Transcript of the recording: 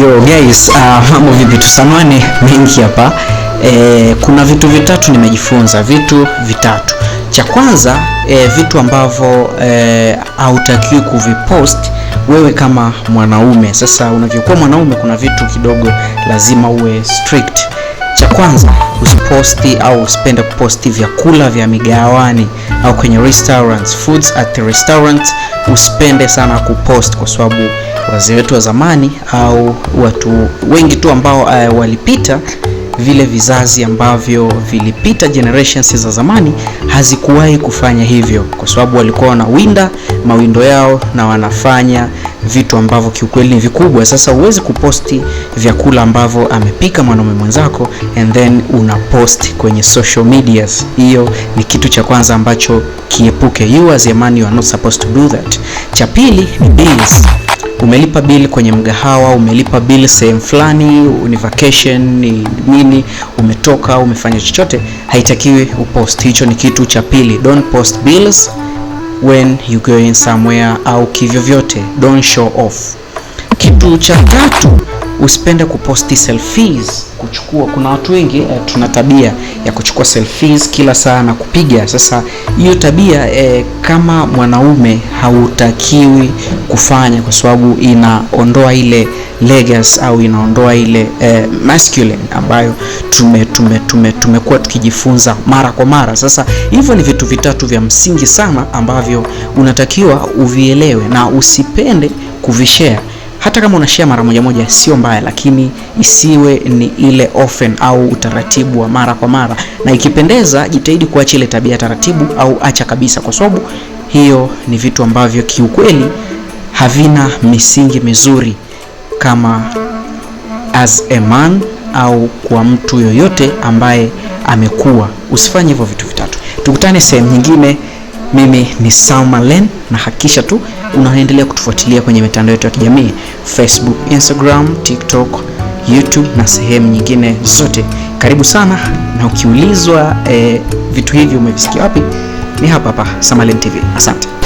Yo guys, uh, mambo vipi? Tusamane mengi hapa e, kuna vitu vitatu nimejifunza, vitu vitatu. Cha kwanza e, vitu ambavyo e, hautakiwi kuvipost wewe kama mwanaume. Sasa unavyokuwa mwanaume, kuna vitu kidogo lazima uwe strict. Cha kwanza usiposti au usipende kuposti vyakula vya migawani au kwenye restaurants, foods at the restaurant, usipende sana kupost kwa sababu wazee wetu wa zamani au watu wengi tu ambao uh, walipita vile vizazi ambavyo vilipita generations za zamani hazikuwahi kufanya hivyo, kwa sababu walikuwa wanawinda mawindo yao na wanafanya vitu ambavyo kiukweli ni vikubwa. Sasa huwezi kuposti vyakula ambavyo amepika mwanaume mwenzako and then unapost kwenye social medias. Hiyo ni kitu cha kwanza ambacho kiepuke. You as a man you are not supposed to do that. Cha pili ni bills umelipa bill kwenye mgahawa, umelipa bill sehemu fulani, ni vacation, ni nini, umetoka, umefanya chochote, haitakiwi upost. Hicho ni kitu cha pili. Don't post bills when you going somewhere au kivyovyote, don't show off. Kitu cha tatu usipende kuposti selfies, kuchukua. Kuna watu wengi eh, tuna tabia ya kuchukua selfies kila saa na kupiga. Sasa hiyo tabia eh, kama mwanaume hautakiwi kufanya, kwa sababu inaondoa ile legas au inaondoa ile eh, masculine ambayo tume tume tume tumekuwa tukijifunza mara kwa mara. Sasa hivyo ni vitu vitatu vya msingi sana ambavyo unatakiwa uvielewe na usipende kuvishare hata kama unashare mara moja moja sio mbaya, lakini isiwe ni ile often au utaratibu wa mara kwa mara, na ikipendeza, jitahidi kuacha ile tabia taratibu au acha kabisa, kwa sababu hiyo ni vitu ambavyo kiukweli havina misingi mizuri kama as a man au kwa mtu yoyote ambaye amekuwa. Usifanye hivyo vitu vitatu. Tukutane sehemu nyingine. Mimi ni Salma Len, na hakikisha tu unaendelea kutufuatilia kwenye mitandao yetu ya kijamii Facebook, Instagram, TikTok, YouTube na sehemu nyingine zote. Karibu sana, na ukiulizwa eh, vitu hivi umevisikia wapi? Ni hapa hapa Samalen TV. Asante.